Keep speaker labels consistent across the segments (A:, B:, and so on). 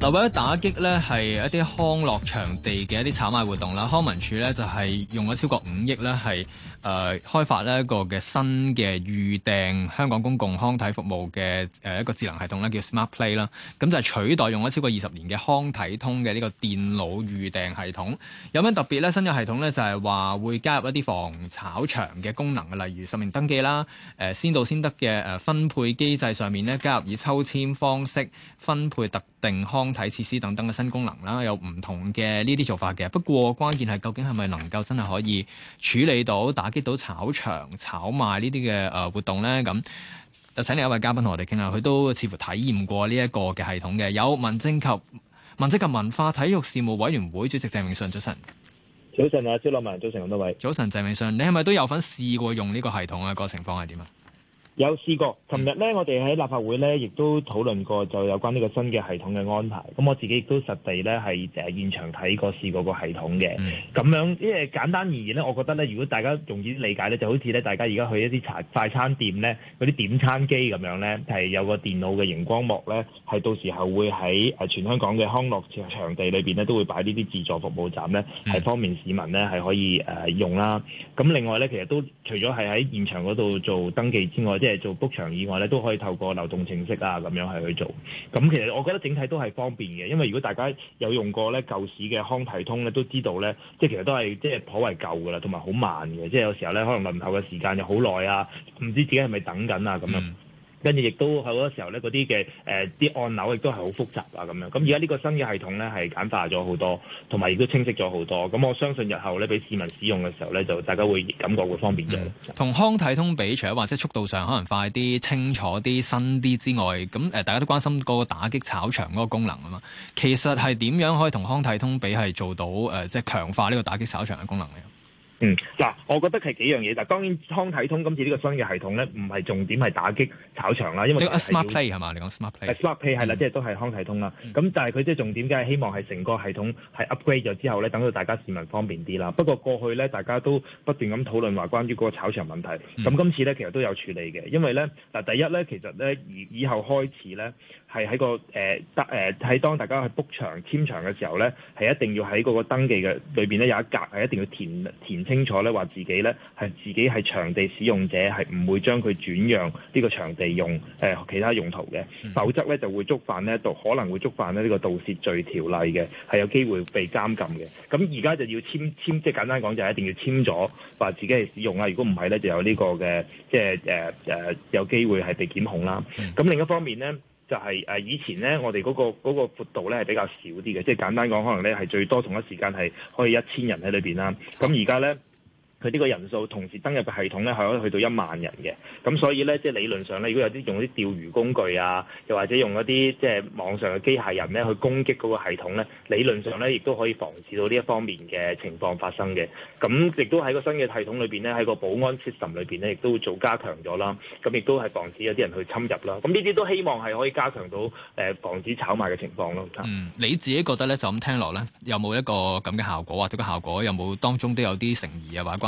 A: 嗱，為咗打擊咧，係一啲康樂場地嘅一啲炒賣活動啦，康文署咧就係用咗超過五億咧，係、呃、誒開發呢一個嘅新嘅預訂香港公共康體服務嘅一個智能系統咧，叫 Smart Play 啦。咁就係取代用咗超過二十年嘅康體通嘅呢個電腦預訂系統。有咩特別咧？新嘅系統咧就係話會加入一啲防炒場嘅功能嘅，例如實名登記啦、呃、先到先得嘅分配機制上面咧加入以抽籤方式分配特定康體設施等等嘅新功能啦，有唔同嘅呢啲做法嘅。不過關鍵係究竟係咪能夠真係可以處理到、打擊到炒場、炒賣呢啲嘅誒活動呢？咁，就請另一位嘉賓同我哋傾下。佢都似乎體驗過呢一個嘅系統嘅。有民政及民政及文化體育事務委員會主席鄭泳舜，早晨。早晨啊，張立文早晨，咁多位早晨。鄭泳舜，你係咪都有份試過用呢個系統啊？個情況係點啊？
B: 有試過，琴日咧，我哋喺立法會咧，亦都討論過就有關呢個新嘅系統嘅安排。咁我自己亦都實地咧，係係現場睇過試過個系統嘅。咁樣，因為簡單而言咧，我覺得咧，如果大家容易理解咧，就好似咧，大家而家去一啲茶快餐店咧，嗰啲點餐機咁樣咧，係有個電腦嘅熒光幕咧，係到時候會喺全香港嘅康樂場地裏面咧，都會擺呢啲自助服務站咧，係方便市民咧，係可以用啦。咁另外咧，其實都除咗係喺現場嗰度做登記之外，誒做 book 場以外咧，都可以透過流動程式啊，咁樣係去做。咁其實我覺得整體都係方便嘅，因為如果大家有用過咧舊市嘅康體通咧，都知道咧，即係其實都係即係頗為舊噶啦，同埋好慢嘅，即係有時候咧可能輪候嘅時間又好耐啊，唔知自己係咪等緊啊咁樣。嗯跟住亦都好多時候咧，嗰啲嘅啲按鈕亦都係好複雜啊咁樣。咁而家呢個新嘅系統咧係簡化咗好多，同埋亦都清晰咗好多。咁我相信日後咧，俾市民使用嘅時候咧，就大家會感覺會方便咗。
A: 同、嗯、康體通比，除咗話即速度上可能快啲、清楚啲、新啲之外，咁大家都關心嗰個打擊炒場嗰個功能啊嘛。其實係點樣可以同康體通比係做到即係強化呢個打擊炒場嘅功能呢？嗯，嗱，
B: 我覺得係幾樣嘢，但係當然康體通今次呢個新嘅系統呢，唔係重點係打擊炒場啦，因為個 Smart Play 係嘛？你講 Smart Play，Smart Play 係啦、嗯，即係都係康體通啦。咁、嗯、但係佢即係重點，梗係希望係成個系統係 upgrade 咗之後呢，等到大家市民方便啲啦。不過過去呢，大家都不斷咁討論話關於嗰個炒場問題。咁、嗯、今次呢，其實都有處理嘅，因為呢第一呢，其實呢，以以後開始呢。係喺個誒得誒，喺、呃呃、當大家去 book 場簽場嘅時候咧，係一定要喺嗰個登記嘅裏面咧有一格係一定要填填清楚咧，話自己咧係自己係場地使用者，係唔會將佢轉讓呢個場地用誒、呃、其他用途嘅，否則咧就會觸犯咧，度，可能會觸犯咧呢個盜竊罪條例嘅，係有機會被監禁嘅。咁而家就要簽，簽，即係簡單講就一定要簽咗，話自己係使用啦。如果唔係咧，就有呢個嘅即係誒、呃呃、有機會係被檢控啦。咁另一方面咧。就係誒以前咧，我哋嗰個嗰個闊度咧係比較少啲嘅，即係簡單講，可能咧係最多同一時間係可以一千人喺裏邊啦。咁而家咧。佢呢個人數同時登入嘅系統咧，係可以去到一萬人嘅。咁所以咧，即係理論上咧，如果有啲用啲釣魚工具啊，又或者用一啲即係網上嘅機械人咧去攻擊嗰個系統咧，理論上咧亦都可以防止到呢一方面嘅情況發生嘅。咁亦都喺個新嘅系統裏邊咧，喺個保安設施裏邊咧，亦都會做加強咗啦。咁亦都係防止有啲人去侵入啦。咁呢啲都希望係可以加強到誒防止炒賣嘅情況咯。嗯，
A: 你自己覺得咧就咁聽落咧，有冇一個咁嘅效果或者個效果有冇當中都有啲誠意啊？或者？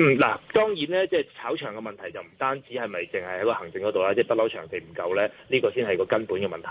A: 嗯
B: 嗱，當然咧，即係炒場嘅問題就唔單止係咪淨係喺個行政嗰度啦，即係不嬲場地唔夠咧，呢個先係個根本嘅問題。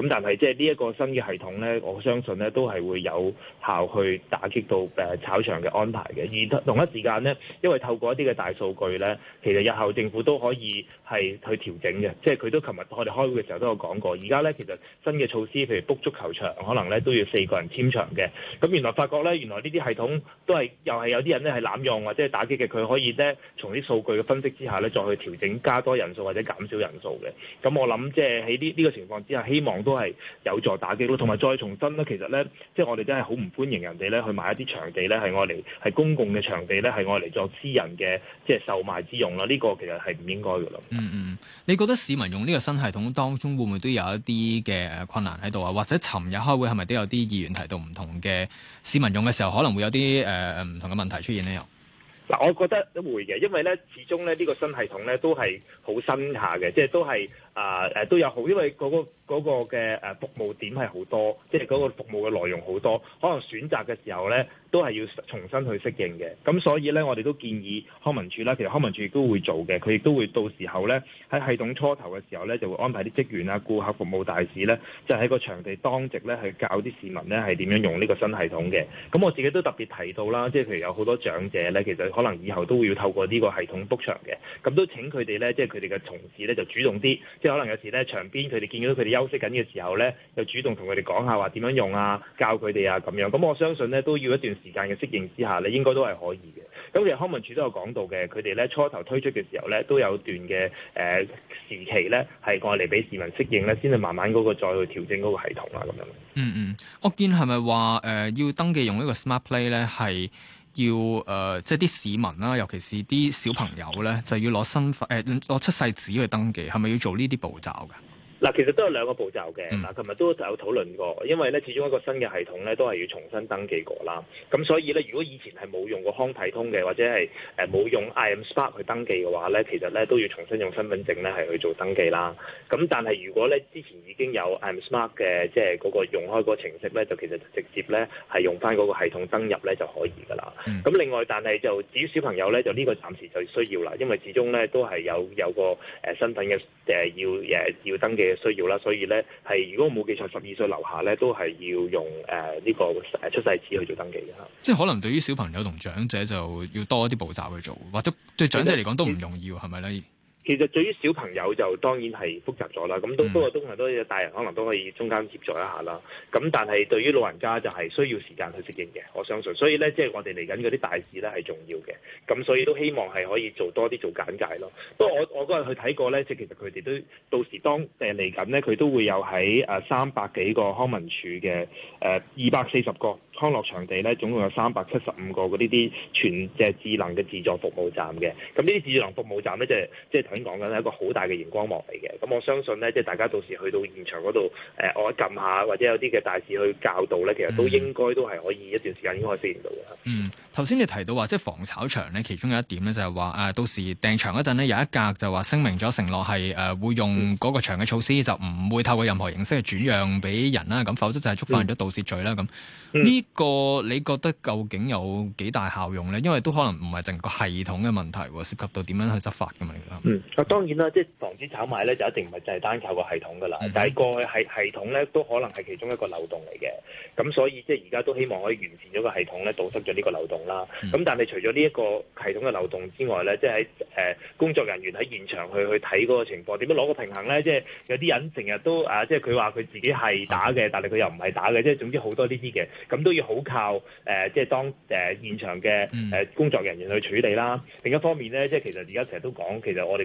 B: 咁但係即係呢一個新嘅系統咧，我相信咧都係會有效去打擊到誒炒場嘅安排嘅。而同一時間呢，因為透過一啲嘅大數據咧，其實日後政府都可以係去調整嘅。即係佢都琴日我哋開會嘅時候都有講過，而家咧其實新嘅措施，譬如 book 足球場，可能咧都要四個人簽場嘅。咁原來發覺咧，原來呢啲系統都係又係有啲人咧係濫用或者係打擊。嘅佢可以咧，從啲數據嘅分析之下咧，再去調整加多人數或者減少人數嘅。咁我諗即係喺呢呢個情況之下，希望都係有助打擊咯。同埋再重新咧，其實咧，即係我哋真係好唔歡迎人哋咧去買一啲場地咧，係用嚟係公共嘅場地咧，係用嚟作私人嘅即係售賣之用啦。呢個其實係唔應該噶咯、嗯。嗯
A: 嗯，你覺得市民用呢個新系統當中會唔會都有一啲嘅誒困難喺度啊？或者尋日開會係咪都有啲議員提到唔同嘅市民用嘅時候可能會有啲呃唔同嘅問題出現呢？又？
B: 嗱，我覺得都會嘅，因為咧，始終咧呢個新系統咧都係好新下嘅，即係都係。啊誒都有好，因為嗰、嗰個嘅誒、嗰個、服務點係好多，即係嗰個服務嘅內容好多，可能選擇嘅時候咧都係要重新去適應嘅。咁所以咧，我哋都建議康文署啦，其實康文署亦都會做嘅，佢亦都會到時候咧喺系統初頭嘅時候咧就會安排啲職員啊、顧客服務大使咧，即係喺個場地當值咧，去教啲市民咧係點樣用呢個新系統嘅。咁我自己都特別提到啦，即係譬如有好多長者咧，其實可能以後都會要透過呢個系統 book 場嘅，咁都請佢哋咧，即係佢哋嘅同事咧就主動啲，即可能有時咧，場邊佢哋見到佢哋休息緊嘅時候咧，又主動同佢哋講下話點樣用啊，教佢哋啊咁樣。咁我相信咧都要一段時間嘅適應之下咧，應該都係可以嘅。咁其實康文署都有講到嘅，佢哋咧初頭推出嘅時候咧，都有段嘅誒、呃、時期咧，係過嚟俾市民適應咧，先去慢慢嗰個再去調整嗰個系統啦、啊、咁樣。嗯
A: 嗯，我見係咪話誒要登記用呢個 Smart Play 咧係？要誒，即係啲市民啦、啊，尤其是啲小朋友咧，就要攞身份、誒、攞出世紙去登記，係咪要做呢啲步驟㗎？
B: 嗱，其實都有兩個步驟嘅。嗱，琴日都有討論過，因為咧，始終一個新嘅系統咧，都係要重新登記過啦。咁所以咧，如果以前係冇用過康體通嘅，或者係誒冇用 iAM Smart 去登記嘅話咧，其實咧都要重新用身份證咧係去做登記啦。咁但係如果咧之前已經有 iAM Smart 嘅，即係嗰個用開個程式咧，就其實就直接咧係用翻嗰個系統登入咧就可以㗎啦。咁另外，但係就至於小朋友咧，就呢個暫時就需要啦，因為始終咧都係有有個誒身份嘅誒要誒要登記。嘅需要啦，所以咧係如果我冇記錯，十二歲樓下咧都係要用誒呢個誒出世紙去做登記嘅啦。
A: 即係可能對於小朋友同長者就要多一啲步驟去做，或者對長者嚟講都唔容易，係咪咧？是
B: 其實對於小朋友就當然係複雜咗啦，咁都不過、mm. 都係都大人可能都可以中間協助一下啦。咁但係對於老人家就係需要時間去適應嘅，我相信。所以咧，即係我哋嚟緊嗰啲大事咧係重要嘅。咁所以都希望係可以做多啲做簡介咯。不過我我嗰日去睇過咧，即係其實佢哋都到時當誒嚟緊咧，佢都會有喺誒三百幾個康文署嘅誒二百四十個康樂場地咧，總共有三百七十五個嗰呢啲全即係智能嘅自助服務站嘅。咁呢啲智能服務站咧，即係即係。即係講緊呢一個好大嘅熒光幕嚟嘅，咁我相信呢，即係大家到時去到現場嗰度，誒撳下或者有啲嘅大使去教導呢，其實都應該都係可以一段時間已經可以實現到
A: 嘅。頭先你提到話，即係防炒場呢，其中有一點呢，就係話誒，到時訂場嗰陣呢有一格就話聲明咗承諾係誒會用嗰個場嘅措施，就唔會透過任何形式去轉讓俾人啦。咁否則就係觸犯咗盜竊罪啦。咁呢個你覺得究竟有幾大效用呢？因為都可能唔係淨係個系統嘅問題，涉及到點樣去執法咁樣。嗯。嗯嗯
B: 嗱當然啦，即係防止炒賣咧就一定唔係就係單靠個系統噶啦、嗯，但係過去係係，系統咧都可能係其中一個漏洞嚟嘅。咁所以即係而家都希望可以完善咗個系統咧，堵塞咗呢個漏洞啦。咁、嗯、但係除咗呢一個系統嘅漏洞之外咧，即係喺誒工作人員喺現場去去睇嗰個情況，點樣攞個平衡咧？即係有啲人成日都啊，即係佢話佢自己係打嘅，但係佢又唔係打嘅，即係總之好多呢啲嘅，咁都要好靠誒、呃，即係當誒、呃、現場嘅誒、呃、工作人員去處理啦。另一方面咧，即係其實而家成日都講，其實我哋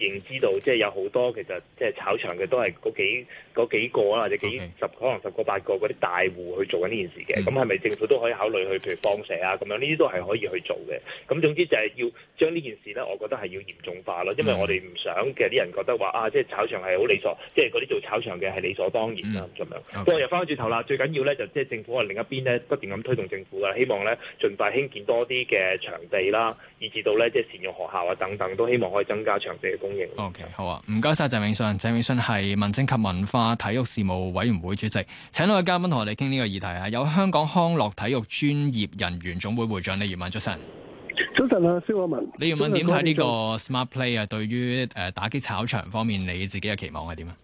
B: 認知道即係有好多其實即係炒場嘅都係嗰幾嗰幾個或者幾十、okay. 可能十個八個嗰啲大戶去做緊呢件事嘅。咁係咪政府都可以考慮去譬如放蛇啊咁樣？呢啲都係可以去做嘅。咁總之就係要將呢件事咧，我覺得係要嚴重化咯，因為我哋唔想嘅啲人覺得話啊，即係炒場係好理所，即係嗰啲做炒場嘅係理所當然啦咁樣。不、mm. 過、okay. 又翻轉頭啦，最緊要咧就即係政府啊，另一邊咧不斷咁推動政府嘅，希望咧盡快興建多啲嘅場地啦，以至到咧即係善用學校啊等等，都希望可以增加場地嘅
A: O.K. 好啊，唔該晒鄭泳舜。鄭泳舜係民政及文化體育事務委員會主席，請兩位嘉賓同我哋傾呢個議題啊。有香港康樂體育專業人員總會會，會長李粵閩，早晨，
C: 早晨啊，肖可文，李粵閩點睇呢個
A: Smart Play 啊？對於誒打擊炒場方面，你自己嘅期望係點啊？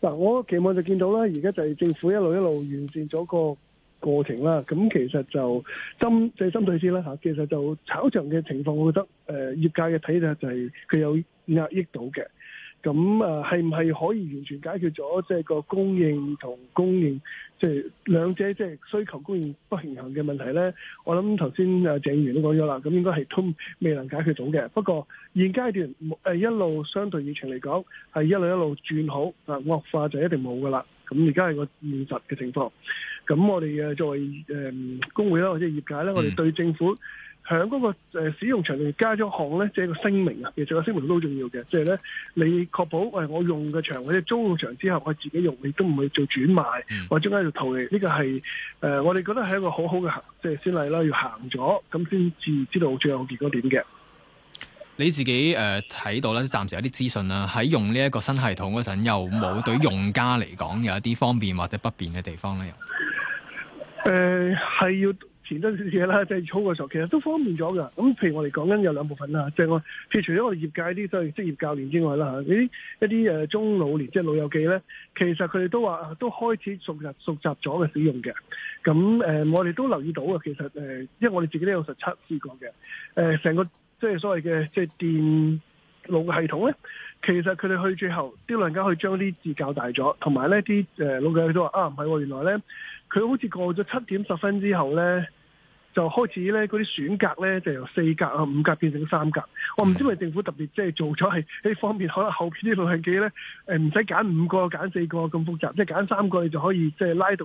C: 嗱，我期望就見到啦，而家就係政府一路一路完善咗個過程啦，咁其實就針即係、就是、針對先啦嚇。其實就炒場嘅情況，我覺得誒、呃、業界嘅睇法就係、是、佢有壓抑到嘅。咁啊，係唔係可以完全解決咗即係個供應同供應即係、就是、兩者即係需求供應不平衡嘅問題咧？我諗頭先啊，鄭議員都講咗啦，咁應該係都未能解決到嘅。不過現階段誒一路相對以前嚟講係一路一路轉好，啊惡化就一定冇噶啦。咁而家係個現實嘅情況。咁我哋嘅作為誒工會啦，或者業界咧，我哋對政府喺嗰個使用場地加咗項咧，即係個聲明啊，其實個聲明都好重要嘅。即係咧，你確保誒我用嘅場或者租用場之後，我自己用，你都唔會做轉賣或者喺度逃離。呢、這個係誒我哋覺得係一個好好嘅行即係先例啦，要行咗咁先至知道最後結果點嘅。
A: 你自己誒睇、呃、到咧，暫時有啲資訊啦，喺用呢一個新系統嗰陣，又冇對用家嚟講有一啲方便或者不便嘅地方咧，
C: 誒、呃，係要填多少嘢啦，即係操作時候其實都方便咗噶。咁譬如我哋講緊有兩部分啦，即係我譬如除咗我哋業界啲即係職業教練之外啦吓，啲一啲誒中老年即係老友記咧，其實佢哋都話都開始熟習熟習咗嘅使用嘅。咁誒、呃，我哋都留意到啊，其實誒、呃，因為我哋自己都有實測試過嘅。誒、呃，成個即係所謂嘅即係電腦嘅系統咧。其實佢哋去最後啲老人家去將啲字較大咗，同埋呢啲誒、呃、老嘅都話啊，唔係喎，原來呢，佢好似過咗七點十分之後呢，就開始呢嗰啲選格呢，就由四格啊、五格變成三格。我唔知係咪政府特別即係做咗係誒方便，可能後邊啲老人家呢，誒唔使揀五個揀四個咁複雜，即係揀三個你就可以即係拉到，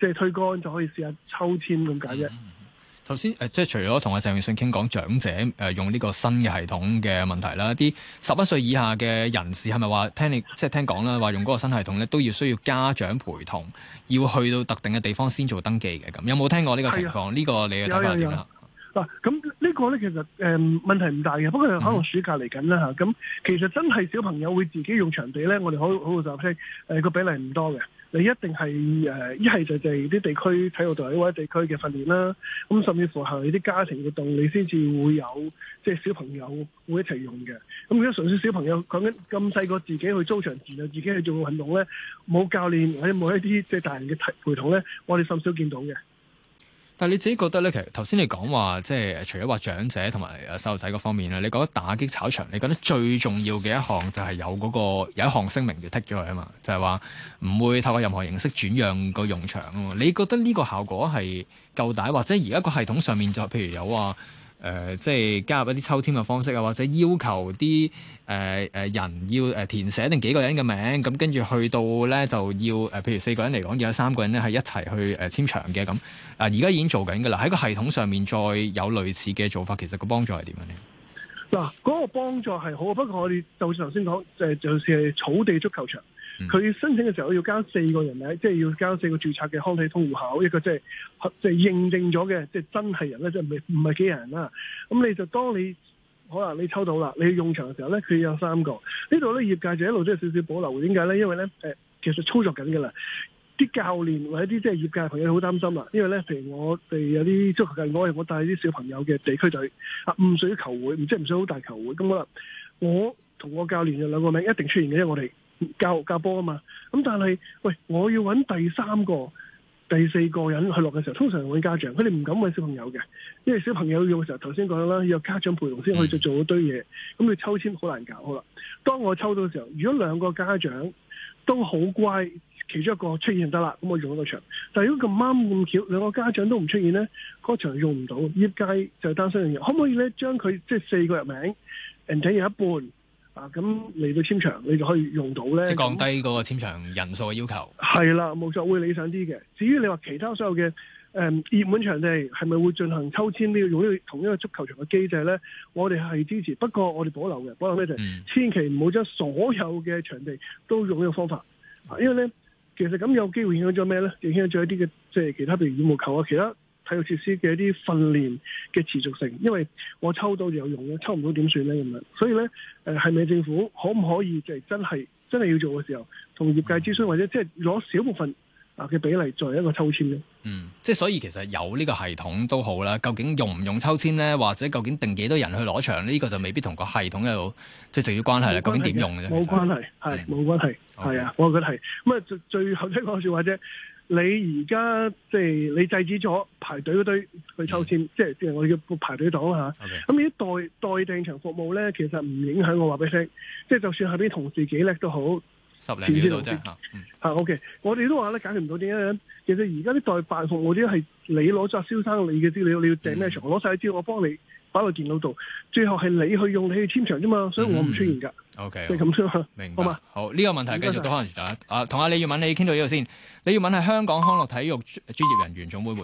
C: 即係推幹就可以試下抽籤咁解啫。嗯嗯嗯
A: 頭先誒，即係除咗同阿鄭泳舜傾講長者誒用呢個新嘅系統嘅問題啦，啲十一歲以下嘅人士係咪話聽你即係聽講啦，話用嗰個新系統咧都要需要家長陪同，要去到特定嘅地方先做登記嘅，咁，有冇聽過呢個情況？呢、啊這個你嘅睇法係點啊？
C: 咁呢、個咧其實誒問題唔大嘅，不過可能暑假嚟緊啦嚇。咁其實真係小朋友會自己用場地咧，我哋好好就係誒個比例唔多嘅。你一定係誒一係就係啲地區體育隊或者地區嘅訓練啦。咁甚至乎係啲家庭活動，你先至會有即係小朋友會一齊用嘅。咁如果純粹小朋友講緊咁細個自己去租場自就自己去做運動咧，冇教練或者冇一啲即係大人嘅陪同咧，我哋甚少見到嘅。但
A: 係你自己覺得咧，其實頭先你講話即係除咗話長者同埋細路仔嗰方面咧，你覺得打擊炒場，你覺得最重要嘅一項就係有嗰個，有一項聲明就剔咗佢啊嘛，就係話唔會透過任何形式轉讓個用場啊嘛。你覺得呢個效果係夠大，或者而家個系統上面就譬如有話？誒、呃，即係加入一啲抽籤嘅方式啊，或者要求啲誒誒人要誒填寫定幾個人嘅名，咁跟住去到咧，就要誒，譬如四個人嚟講，有三個人咧係一齊去誒簽場嘅咁。啊，而家已經做緊㗎啦，喺個系統上面再有類似嘅做法，其實個幫助係點樣呢？
C: 嗱，嗰個幫助係好，不過我哋就頭先講就就似係草地足球場。佢申請嘅時候要交四個人名，即係要交四個註冊嘅康體通戶口，一個即係即係認證咗嘅，即係真係人咧，即係唔係唔係幾人啦？咁你就當你可能你抽到啦，你去用場嘅時候咧，佢有三個呢度咧，業界就一路都有少少保留，點解咧？因為咧，誒，其實操作緊㗎啦，啲教練或者啲即係業界朋友好擔心啊，因為咧，譬如我哋有啲足球界，我我帶啲小朋友嘅地區隊啊，唔需要球會，唔即係唔需要好大球會。咁我啦，我同我教練有兩個名一定出現嘅，因為我哋。教教波啊嘛，咁但係，喂，我要揾第三個、第四個人去落嘅時候，通常揾家長，佢哋唔敢揾小朋友嘅，因為小朋友用嘅時候，頭先講啦，要有家長陪同先可以做做嗰堆嘢，咁你抽籤好難搞好啦。當我抽到嘅時候，如果兩個家長都好乖，其中一個出現得啦，咁我用一個場。但係如果咁啱咁巧，兩個家長都唔出現咧，嗰場用唔到。業界就擔心嘅嘢，可唔可以咧將佢即係四個人名，人仔有一半？啊，咁嚟到簽場，你就可以用到咧，即係降低
A: 嗰個簽場人數嘅要求。
C: 係啦，冇錯，會理想啲嘅。至於你話其他所有嘅誒熱門場地係咪會進行抽簽呢？用呢同一個足球場嘅機制咧，我哋係支持，不過我哋保留嘅保留咩就係千祈唔好將所有嘅場地都用呢個方法，嗯、因為咧，其實咁有機會影響咗咩咧？影響咗一啲嘅，即係其他，譬如羽毛球啊，其他。體育設施嘅一啲訓練嘅持續性，因為我抽到就有用咧，抽唔到點算咧咁樣，所以咧誒係咪政府可唔可以就係真係真係要做嘅時候，同業界諮詢或者即係攞少部分啊嘅比例作為一個抽籤咧？嗯，
A: 即係所以其實有呢個系統都好啦，究竟用唔用抽籤咧，或者究竟定幾多人去攞場呢？呢個就未必同個系統有最直接關係啦。究竟點用嘅啫。冇
C: 關係，冇關係，係冇關係，係啊、okay.，我覺得係咁啊。最最後屘講住或者。你而家即係你制止咗排隊嗰堆去抽籤，mm-hmm. 即係我哋叫排隊黨嚇。咁呢啲代代訂場服務呢，其實唔影響，我話俾你聽，即係就算係邊同事幾叻都好，
A: 十零幾度啫
C: 嚇。啊嗯 okay. 我哋都話呢，解決唔到點樣樣。其實而家啲代辦服務啲係你攞咗蕭生你，你嘅資料你要訂咩場，攞曬啲資料我幫你。擺落電腦度，最後係你，你去用，你去簽場啫嘛，所以我唔出現㗎。嗯、o、okay, K，、okay, 明白 好嘛？
A: 好呢、這個問題繼續多翻時啊，同阿李粵閩你傾到呢度先。李粵閩係香港康樂體育專業人員總會會長。